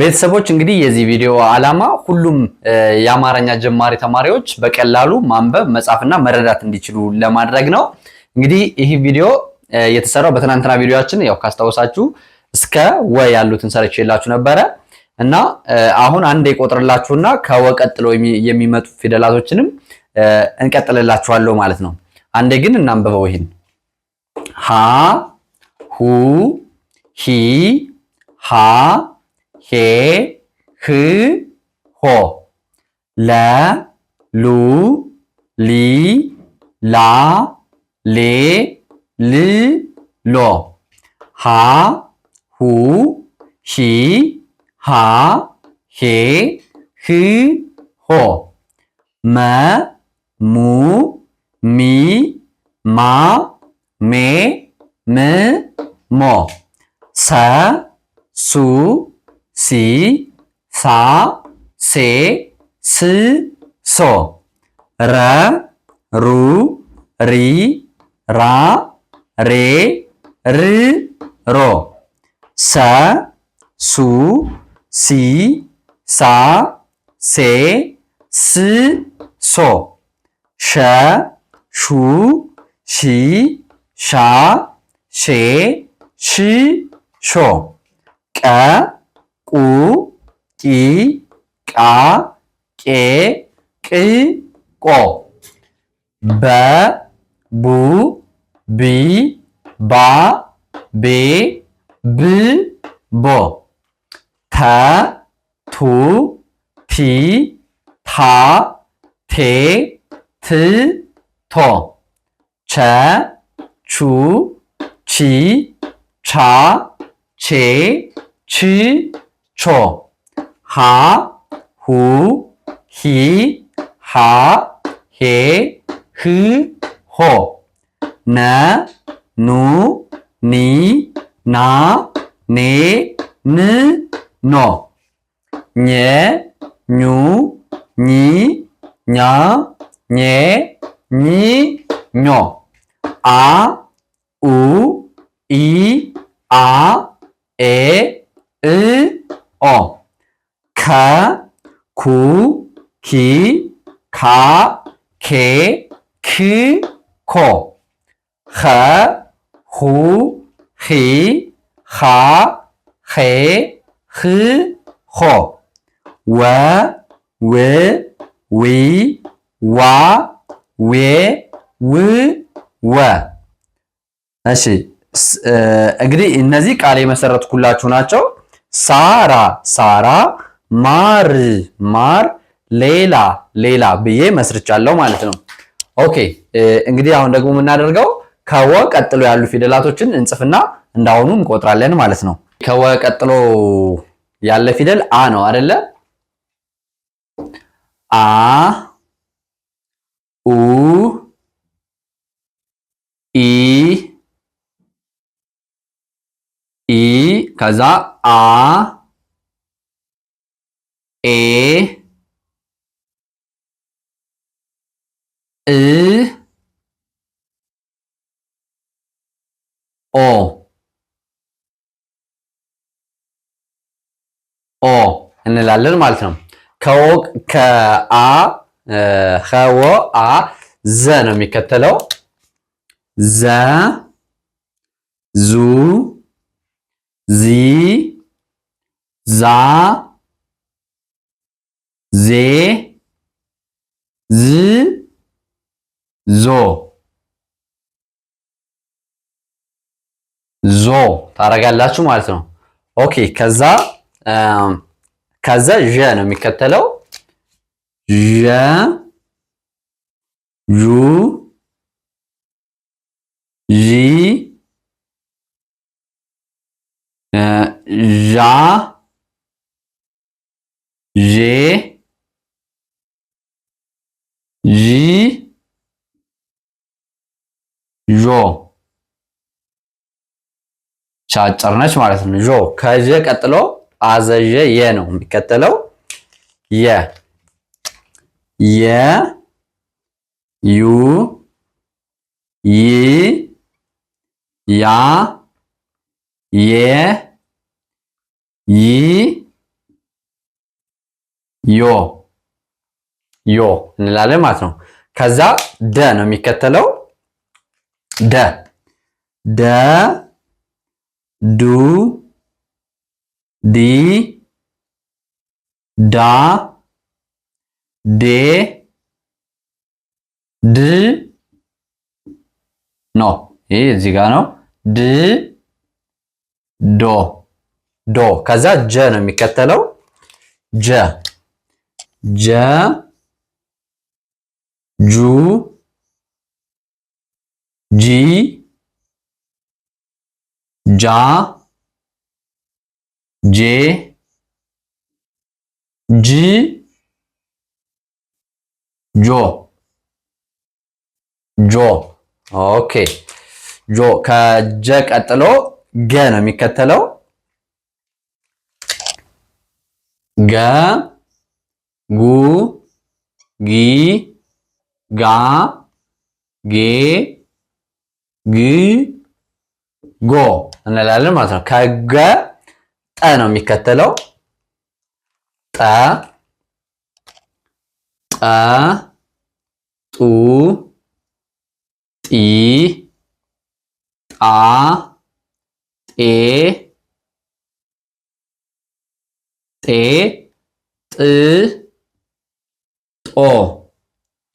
ቤተሰቦች እንግዲህ የዚህ ቪዲዮ ዓላማ ሁሉም የአማርኛ ጀማሪ ተማሪዎች በቀላሉ ማንበብ መጻፍና መረዳት እንዲችሉ ለማድረግ ነው። እንግዲህ ይህ ቪዲዮ የተሰራው በትናንትና ቪዲዮችን ያው ካስታወሳችሁ እስከ ወ ያሉትን ሰርቼላችሁ ነበረ እና አሁን አንድ የቆጥርላችሁና ከወ ቀጥሎ የሚመጡ ፊደላቶችንም እንቀጥልላችኋለሁ ማለት ነው። አንዴ ግን እናንብበው ይህን ሃ ሁ ሂ ሃ เขคือหลลูลี ลา เลลีลอหา หูฉีหาเห คือหมะ มู มี มา เมเมมอสาสู ሲ ሳ ሴ ስ ሶ ረ ሩ ሪ ራ ሬ ር ሮ ሰ ሱ ሲ ሳ ሴ ስ ሶ ሸ ሹ ሺ ሻ ሼ ሽ ሾ ቀ 꾸, 끼, 까, 깨, 끌, 꼬. 바, 무, 비, 바, 비, 비, 뭐. 다, 도, 비, 다, 대, 들, 더. 자, 주, 지, 자, 제, 지, ቾ ሀ ሁ ሂ ሃ ሄ ህ ሆ ነ ኑ ኒ ና ኔ ን ኖ ኘ ኙ ኚ ኛ ኘ ኚ ኞ አ ኡ ኢ አ ኤ እ ኦ ከ ኩ ኪ ካ ኬ ክ ኮ ኸ ሁ ኺ ኻ ኼ ኽ ኾ ወ ው ዊ ዋ ዌ ው ወ እሺ እንግዲህ እነዚህ ቃል የመሰረትኩላችሁ ናቸው። ሳራ ሳራ ማር ማር ሌላ ሌላ ብዬ መስርቻለሁ ማለት ነው። ኦኬ እንግዲህ አሁን ደግሞ የምናደርገው ከወ ቀጥሎ ያሉ ፊደላቶችን እንጽፍና እንዳሁኑ እንቆጥራለን ማለት ነው። ከወ ቀጥሎ ያለ ፊደል አ ነው አደለ? አ ኡ ኢ ከዛ አ ኤ እ ኦ ኦ እንላለን ማለት ነው። ከወቅ ከአ ከወ አ ዘ ነው የሚከተለው ዘ ዙ ዚ ዛ ዜ ዝ ዞ ዞ ታደርጋላችሁ ማለት ነው። ኦኬ ከዛ ከዛ ዠ ነው የሚከተለው ዠ ዡ ዢ ዣ ዤ ዢ ዦ ሻጭር ነች ማለት ነው። ዦ ከዤ ቀጥሎ አዘዤ የ ነው የሚከተለው የ የ ዩ ይ ያ የ ይ ዮ ዮ እንላለን ማለት ነው። ከዛ ደ ነው የሚከተለው ደ ደ ዱ ዲ ዳ ዴ ድ ኖ ይህ እዚህ ጋር ነው ድ ዶ ዶ ከዛ ጀ ነው የሚከተለው። ጀ ጀ ጁ ጂ ጃ ጄ ጂ ጆ ጆ ኦኬ ጆ ከጀ ቀጥሎ ገ ነው የሚከተለው። ገ ጉ ጊ ጋ ጌ ግ ጎ እንላለን ማለት ነው። ከገ ጠ ነው የሚከተለው። ጠ ጠ ጡ ጢ ጣ ጤ ጤ ጥ ጦ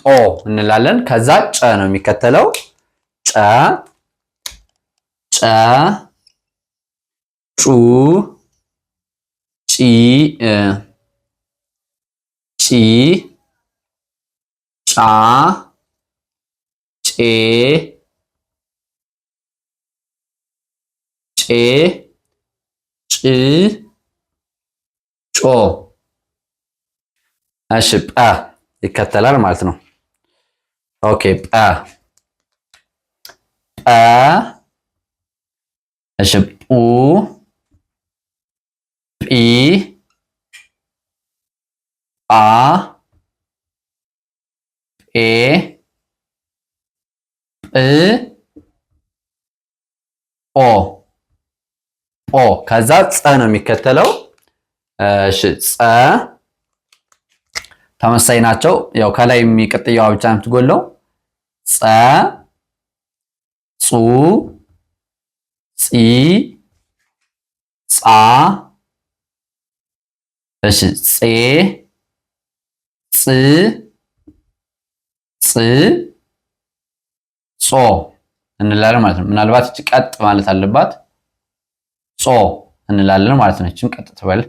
ጦ እንላለን። ከዛ ጨ ነው የሚከተለው። ጨ ጨ ጩ ጪ ጪ ጫ ጬ ጬ ጭ ጮ እሺ ጳ ይከተላል ማለት ነው። ኦኬ ጳ ጳ እሺ ኡ ጲ ጳ ጴ ጵ ኦ ኦ ከዛ ፀ ነው የሚከተለው። እሺ ፀ ተመሳሳይ ናቸው። ያው ከላይ የሚቀጥየው ብቻ ነው የምትጎለው። ፀ ጹ ፂ ፃ እሺ ፄ ፅ ፅ ጾ እንላለን ማለት ነው። ምናልባት ቀጥ ማለት አለባት። ጾ እንላለን ማለት ነው። እቺም ቀጥ ትበል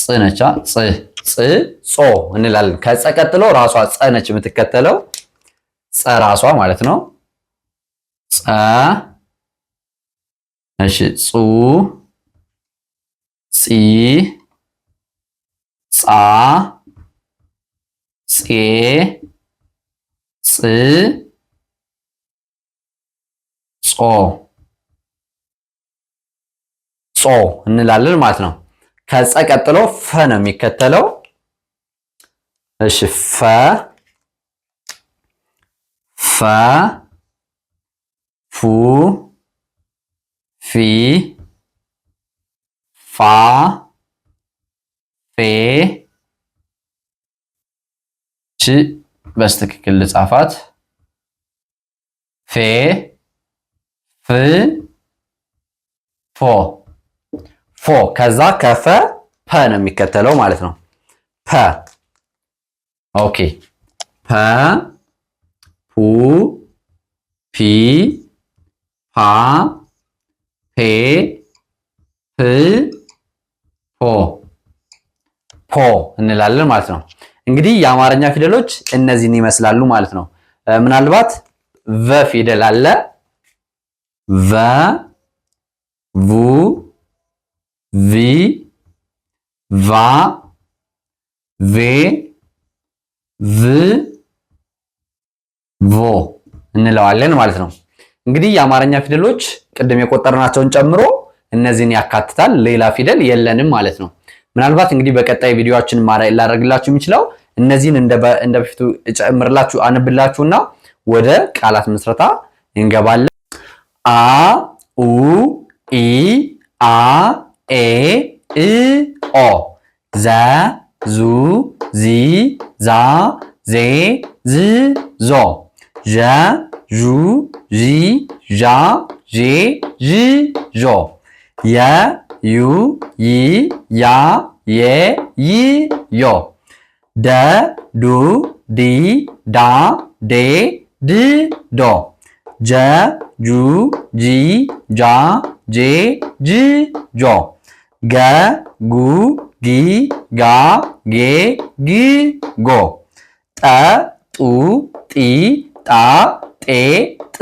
ጽ ነቻ ጽ ጽ ጾ እንላለን። ከጸ ቀጥሎ ራሷ ጸ ነች የምትከተለው ጸ ራሷ ማለት ነው። ጸ እሺ ጹ ጺ ጻ ጼ ጽ ጾ ጾ እንላለን ማለት ነው። ከጸ ቀጥሎ ፈ ነው የሚከተለው። እሺ ፈ ፈ ፉ ፊ ፋ ፌ ቺ በስትክክል ልጻፋት ፌ ፍ ፎ ፎ ከዛ ከፈ ፐ ነው የሚከተለው ማለት ነው። ፐ ኦኬ። ፐ ፑ ፒ ፓ ፔ ፕ ፖ ፖ እንላለን ማለት ነው። እንግዲህ የአማርኛ ፊደሎች እነዚህን ይመስላሉ ማለት ነው። ምናልባት ቨ ፊደል አለ ቨ ቡ ቪ ቫ ቬ ቭ ቮ እንለዋለን ማለት ነው። እንግዲህ የአማርኛ ፊደሎች ቅድም የቆጠርናቸውን ጨምሮ እነዚህን ያካትታል። ሌላ ፊደል የለንም ማለት ነው። ምናልባት እንግዲህ በቀጣይ ቪዲዮችን ላደርግላችሁ የሚችለው እነዚህን እንደ በፊቱ እጨምርላችሁ አንብላችሁና ወደ ቃላት ምስረታ እንገባለን። አ ኡ ኢ አ A E O Z U Z Z Z Z O Z U Z Z Z Z O Y U Y Y E Y Y O D U D D D D D J U G J J J J O ገ ጉ ጊ ጋ ጌ ጊ ጎ ጠ ጡ ጢ ጣ ጤ ጥ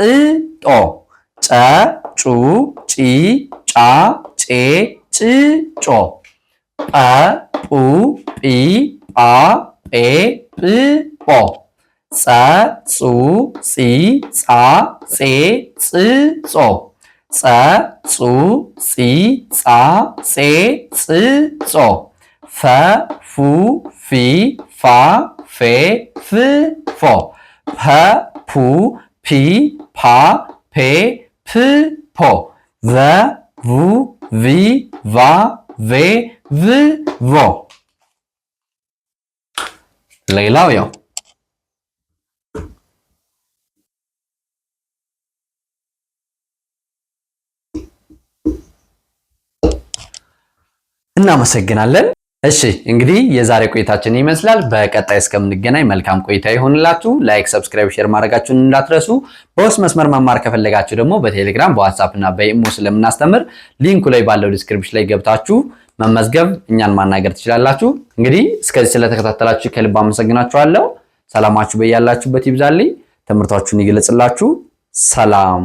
ጦ ጨ ጩ ጪ ጫ ጬ ጭ ጮ ጰ ጱ ጲ ጳ ጴ ጵ ጶ ጸ ጹ ጺ ጻ ጼ ጽ ጾ 食足食，食食足；食福肥，食肥食福；食普皮，食皮食破；食五味，食味食沃。累了没有？እናመሰግናለን። እሺ እንግዲህ የዛሬ ቆይታችን ይመስላል። በቀጣይ እስከምንገናኝ መልካም ቆይታ ይሆንላችሁ። ላይክ፣ ሰብስክራይብ፣ ሼር ማድረጋችሁን እንዳትረሱ። በውስጥ መስመር መማር ከፈለጋችሁ ደግሞ በቴሌግራም በዋትሳፕ እና በኢሞ ስለምናስተምር ሊንኩ ላይ ባለው ዲስክሪፕሽን ላይ ገብታችሁ መመዝገብ እኛን ማናገር ትችላላችሁ። እንግዲህ እስከዚህ ስለተከታተላችሁ ከልብ አመሰግናችኋለሁ። ሰላማችሁ በያላችሁበት ይብዛልኝ። ትምህርታችሁን ይግለጽላችሁ። ሰላም፣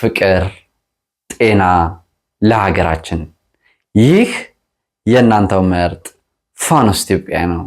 ፍቅር፣ ጤና ለሀገራችን ይህ የእናንተው ምርጥ ፋኖስ ኢትዮጵያ ነው።